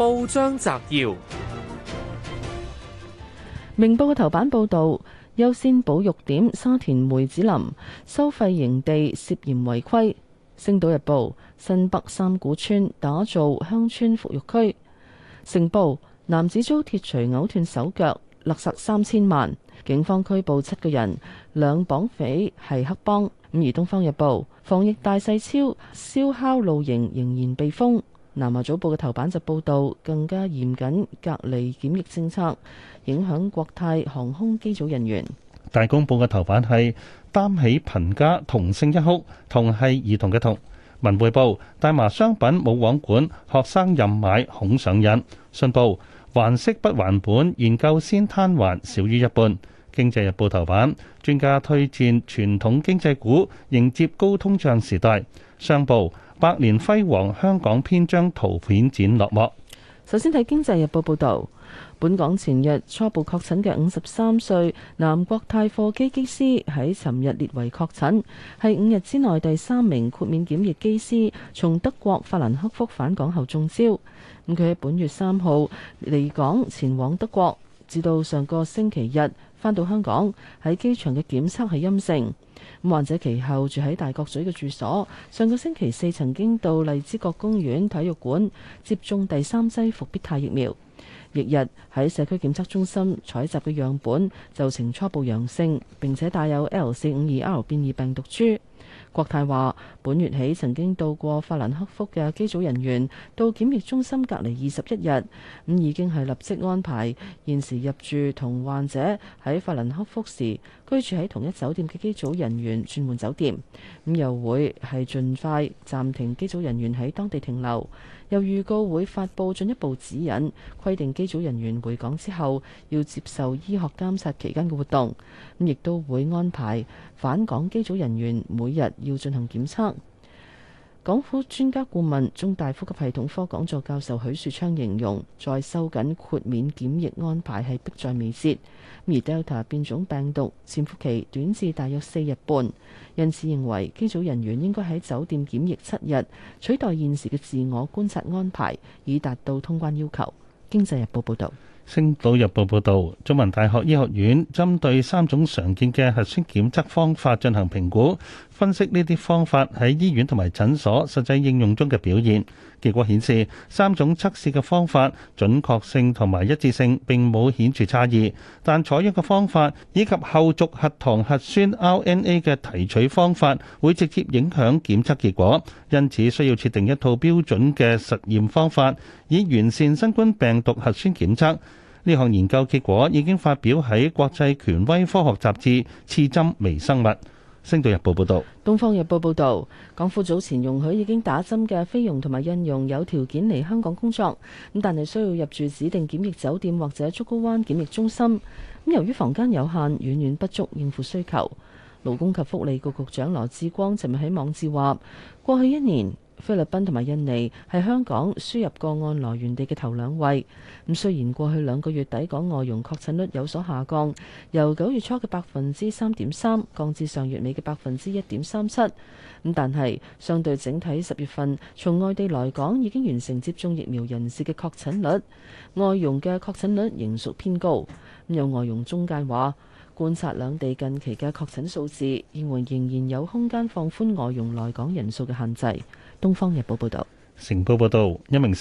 報章摘要：明報嘅頭版報道，優先保育點沙田梅子林收費營地涉嫌違規。星島日報，新北三古村打造鄉村復育區。成報，男子遭鐵錘毆斷手腳，勒索三千萬，警方拘捕七個人，兩綁匪係黑幫。咁而東方日報，防疫大細超燒烤露營仍然被封。南華早報嘅頭版就報道更加嚴謹隔離檢疫政策，影響國泰航空機組人員。大公報嘅頭版係擔起貧家同姓一哭，同係兒童一痛。文匯報，大麻商品冇網管，學生任買恐上癮。信報，還息不還本，研究先攤還少於一半。經濟日報頭版，專家推薦傳統經濟股迎接高通脹時代。商報百年輝煌香港篇章圖片展落幕。首先睇《經濟日報》報導，本港前日初步確診嘅五十三歲南國泰貨機機師喺尋日列為確診，係五日之內第三名豁免檢疫機師，從德國法蘭克福返港後中招。咁佢喺本月三號離港前往德國，至到上個星期日返到香港，喺機場嘅檢測係陰性。患者其後住喺大角咀嘅住所，上個星期四曾經到荔枝角公園體育館接種第三劑復必泰疫苗，翌日喺社區檢測中心採集嘅樣本就呈初步陽性，並且帶有 L452R 變異病毒株。國泰話：本月起曾經到過法蘭克福嘅機組人員到檢疫中心隔離二十一日，咁已經係立即安排現時入住同患者喺法蘭克福時。居住喺同一酒店嘅機組人員轉換酒店，咁又會係盡快暫停機組人員喺當地停留，又預告會發布進一步指引，規定機組人員回港之後要接受醫學監察期間嘅活動，咁亦都會安排返港機組人員每日要進行檢測。港府專家顧問、中大呼吸系統科講座教授許樹昌形容，在收緊豁免檢疫安排係迫在眉睫。而 Delta 變種病毒潛伏期短至大約四日半，因此認為機組人員應該喺酒店檢疫七日，取代現時嘅自我觀察安排，以達到通關要求。經濟日報報道。《星島日報》報道，中文大學醫學院針對三種常見嘅核酸檢測方法進行評估。分析呢啲方法喺醫院同埋診所實際應用中嘅表現，結果顯示三種測試嘅方法準確性同埋一致性並冇顯著差異，但採用嘅方法以及後續核糖核酸 RNA 嘅提取方法會直接影響檢測結果，因此需要設定一套標準嘅實驗方法，以完善新冠病毒核酸檢測。呢項研究結果已經發表喺國際權威科學雜誌《刺針微生物》。星島日報報道，東方日報報道，港府早前容許已經打針嘅菲傭同埋印傭有條件嚟香港工作，咁但係需要入住指定檢疫酒店或者竹篙灣檢疫中心。咁由於房間有限，遠遠不足應付需求。勞工及福利局局長羅志光尋日喺網誌話，過去一年，菲律賓同埋印尼係香港輸入個案來源地嘅頭兩位。咁雖然過去兩個月抵港外傭確診率有所下降，由九月初嘅百分之三點三降至上月尾嘅百分之一點三七，咁但係相對整體十月份從外地來港已經完成接種疫苗人士嘅確診率，外傭嘅確診率仍屬偏高。有外傭中介話，觀察兩地近期嘅確診數字，認為仍然有空間放寬外傭來港人數嘅限制。東方日報報道。成報報道，一名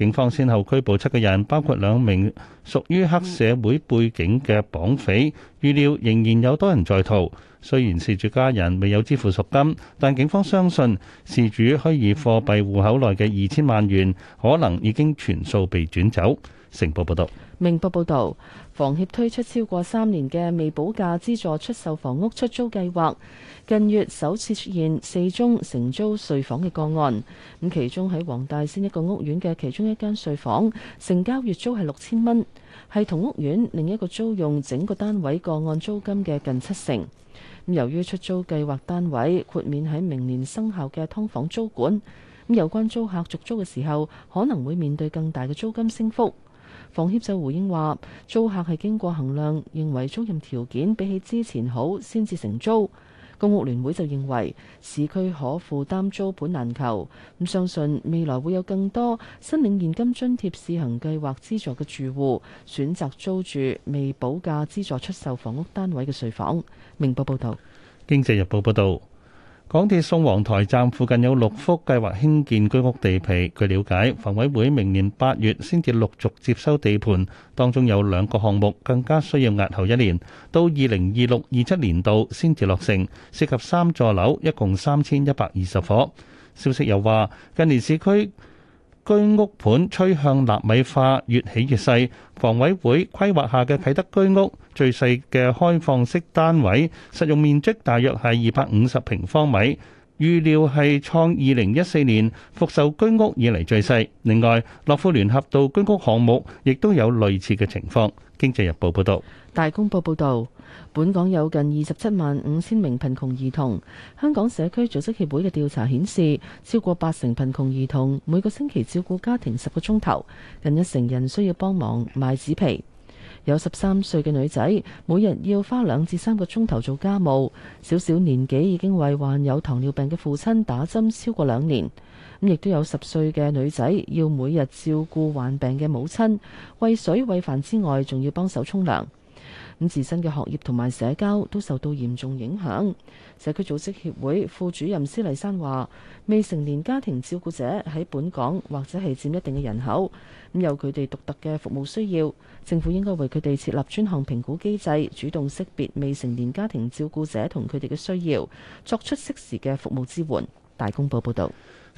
警方先後拘捕七個人，包括兩名屬於黑社會背景嘅綁匪。預料仍然有多人在逃。雖然事主家人未有支付贖金，但警方相信事主虛擬貨幣戶口內嘅二千萬元可能已經全數被轉走。成報報道：明報報道，房協推出超過三年嘅未補價資助出售房屋出租計劃，近月首次出現四宗承租睡房嘅個案。咁其中喺黃大仙一個屋苑嘅其中一間睡房，成交月租係六千蚊，係同屋苑另一個租用整個單位個案租金嘅近七成。由於出租計劃單位豁免喺明年生效嘅劏房租管，有關租客續租嘅時候，可能會面對更大嘅租金升幅。房協就回應話：租客係經過衡量，認為租賃條件比起之前好，先至承租。公屋聯會就認為市區可負擔租盤難求，咁相信未來會有更多申領現金津貼試行計劃資助嘅住戶選擇租住未補價資助出售房屋單位嘅睡房。明報報道，《經濟日報》報道。港鐵宋皇台站附近有六幅計劃興建居屋地皮。據了解，房委會明年八月先至陸續接收地盤，當中有兩個項目更加需要押後一年，到二零二六、二七年度先至落成，涉及三座樓，一共三千一百二十伙。消息又話，近年市區居屋盤趨向納米化，越起越細。房委會規劃下嘅啟德居屋，最細嘅開放式單位，實用面積大約係二百五十平方米。預料係創二零一四年復售居屋以嚟最細。另外，樂富聯合道居屋項目亦都有類似嘅情況。經濟日報報導。大公報報導，本港有近二十七萬五千名貧窮兒童。香港社區組織協會嘅調查顯示，超過八成貧窮兒童每個星期照顧家庭十個鐘頭，近一成人需要幫忙賣紙皮。有十三歲嘅女仔，每日要花兩至三個鐘頭做家務，小小年紀已經為患有糖尿病嘅父親打針超過兩年。咁亦都有十歲嘅女仔要每日照顧患病嘅母親，餵水餵飯之外，仲要幫手沖涼。咁自身嘅學業同埋社交都受到嚴重影響。社區組織協會副主任施麗珊話：未成年家庭照顧者喺本港或者係佔一定嘅人口，咁有佢哋獨特嘅服務需要。政府應該為佢哋設立專項評估機制，主動識別未成年家庭照顧者同佢哋嘅需要，作出適時嘅服務支援。大公報報道。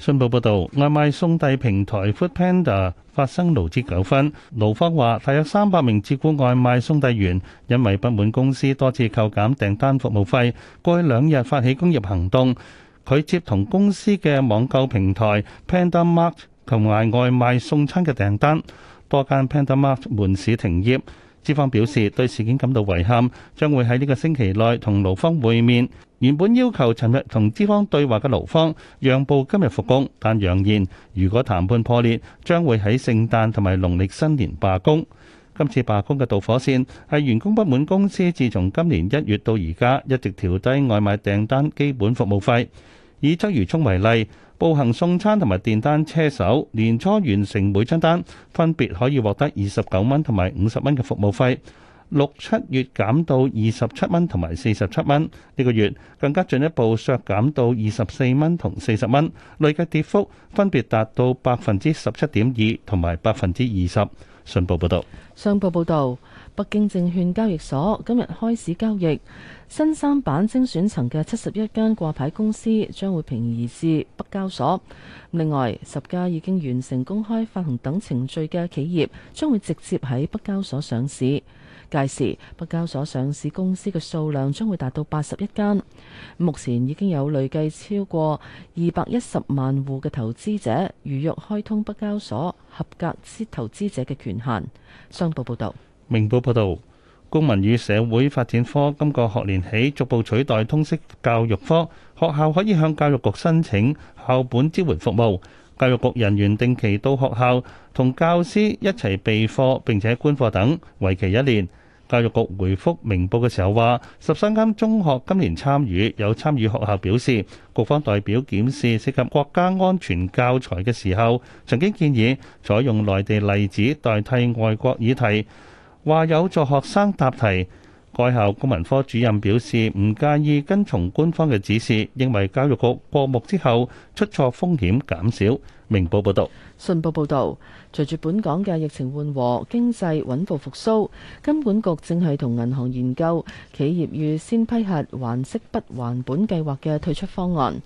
信報報導，外賣送遞平台 Foodpanda 發生勞資糾紛。勞方話，大約三百名自僱外賣送遞員，因為不滿公司多次扣減訂單服務費，過去兩日發起工業行動，拒接同公司嘅網購平台 Panda Mart 同埋外賣送餐嘅訂單，多間 Panda Mart 門市停業。資方表示對事件感到遺憾，將會喺呢個星期內同勞方會面。原本要求尋日同資方對話嘅勞方，讓步今日復工，但揚言如果談判破裂，將會喺聖誕同埋農曆新年罷工。今次罷工嘅導火線係員工不滿公司自從今年一月到而家一直調低外賣訂單基本服務費。以鰂魚涌為例，步行送餐同埋電單車手年初完成每張單，分別可以獲得二十九蚊同埋五十蚊嘅服務費。六七月減到二十七蚊，同埋四十七蚊，呢個月更加進一步削減到二十四蚊同四十蚊，累計跌幅分別達到百分之十七點二同埋百分之二十。信報報道，上報報導，北京證券交易所今日開市交易，新三板精選層嘅七十一間掛牌公司將會平移至北交所。另外，十家已經完成公開發行等程序嘅企業將會直接喺北交所上市。屆時北交所上市公司嘅數量將會達到八十一間，目前已經有累計超過二百一十萬戶嘅投資者預約開通北交所合格資投資者嘅權限。商報報道，明報報道，公民與社會發展科今個學年起逐步取代通識教育科，學校可以向教育局申請校本支援服務，教育局人員定期到學校同教師一齊備課並且觀課等，為期一年。教育局回覆明報嘅時候話，十三間中學今年參與。有參與學校表示，局方代表檢視涉及國家安全教材嘅時候，曾經建議採用內地例子代替外國議題，話有助學生答題。該校公民科主任表示唔介意跟從官方嘅指示，認為教育局過目之後出錯風險減少。明報報導。信報報導，隨住本港嘅疫情緩和，經濟穩步復甦，金管局正係同銀行研究企業預先批核還息不還本計劃嘅退出方案。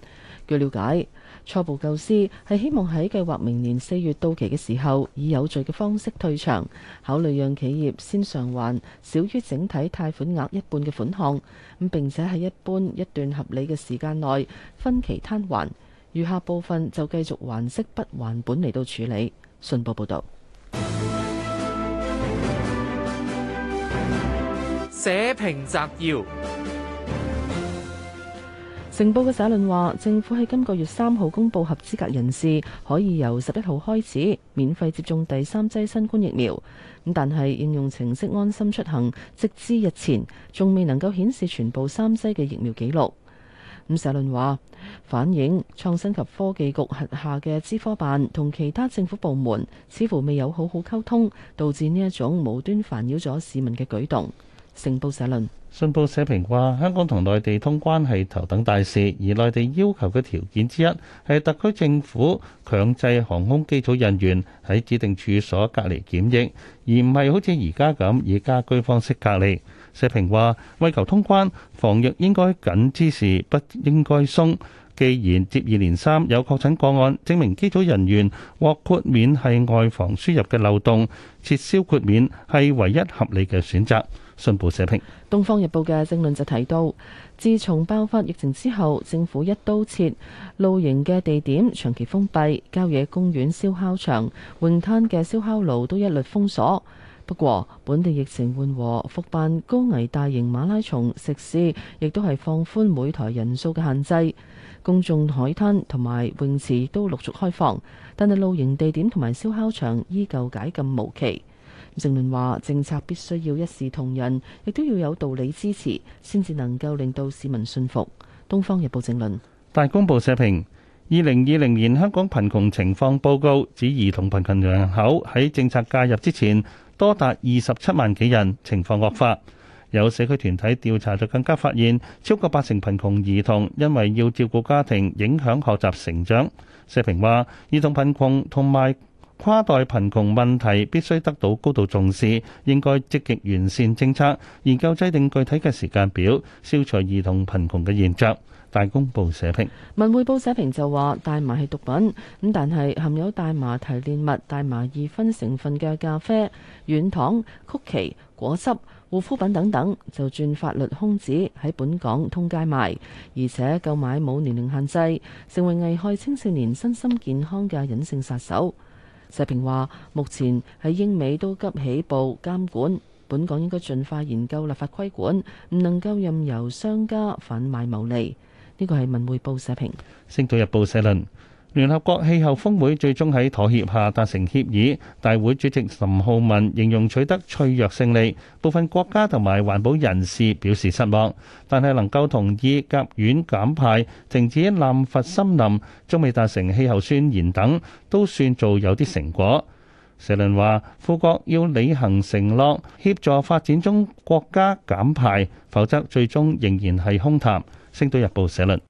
據了解，初步構思係希望喺計劃明年四月到期嘅時候，以有序嘅方式退場，考慮讓企業先償還少於整體貸款額一半嘅款項，咁並且喺一般一段合理嘅時間內分期攤還。餘下部分就繼續還息不還本嚟到處理。信報報道。社評摘要：成報嘅社論話，政府喺今個月三號公布合資格人士可以由十一號開始免費接種第三劑新冠疫苗，咁但係應用程式安心出行直至日前仲未能夠顯示全部三劑嘅疫苗記錄。伍社論話：反映創新及科技局轄下嘅資科辦同其他政府部門似乎未有好好溝通，導致呢一種無端煩擾咗市民嘅舉動。成報社論，信報社評話：香港同內地通關係頭等大事，而內地要求嘅條件之一係特區政府強制航空機組人員喺指定處所隔離檢疫，而唔係好似而家咁以家居方式隔離。社評話：為求通關，防疫應該緊之時不應該鬆。既然接二連三有確診個案，證明機組人員獲豁免係外防輸入嘅漏洞，撤銷豁免係唯一合理嘅選擇。信報社評，《東方日報》嘅政論就提到，自從爆發疫情之後，政府一刀切，露營嘅地點長期封閉，郊野公園、燒烤場、泳灘嘅燒烤爐都一律封鎖。不過，本地疫情緩和，復辦高危大型馬拉松、食肆，亦都係放寬每台人數嘅限制。公眾海灘同埋泳池都陸續開放，但係露營地點同埋燒烤場依舊解禁無期。政論話政策必須要一視同仁，亦都要有道理支持，先至能夠令到市民信服。《東方日報》政論。大公報社評：二零二零年香港貧窮情況報告指，兒童貧窮人口喺政策介入之前。多達二十七萬幾人，情況惡化。有社區團體調查就更加發現，超過八成貧窮兒童因為要照顧家庭，影響學習成長。社評話：兒童貧窮同埋跨代貧窮問題必須得到高度重視，應該積極完善政策，研究制定具體嘅時間表，消除兒童貧窮嘅現象。大公報社評，文匯報社評就話：大麻係毒品，咁但係含有大麻提煉物、大麻二酚成分嘅咖啡、軟糖、曲奇、果汁、護膚品等等，就轉法律空子喺本港通街賣，而且購買冇年齡限制，成為危害青少年身心健康嘅隱性殺手。社評話：目前喺英美都急起步監管，本港應該盡快研究立法規管，唔能夠任由商家販賣牟利。呢個係文匯報社評，《星島日報》社論：聯合國氣候峯會最終喺妥協下達成協議，大會主席岑浩文形容取得脆弱勝利。部分國家同埋環保人士表示失望，但係能夠同意甲烷減排、停止濫伐森林、中美達成氣候宣言等，都算做有啲成果。社論話：富國要履行承諾，協助發展中國家減排，否則最終仍然係空談。星島日報社論。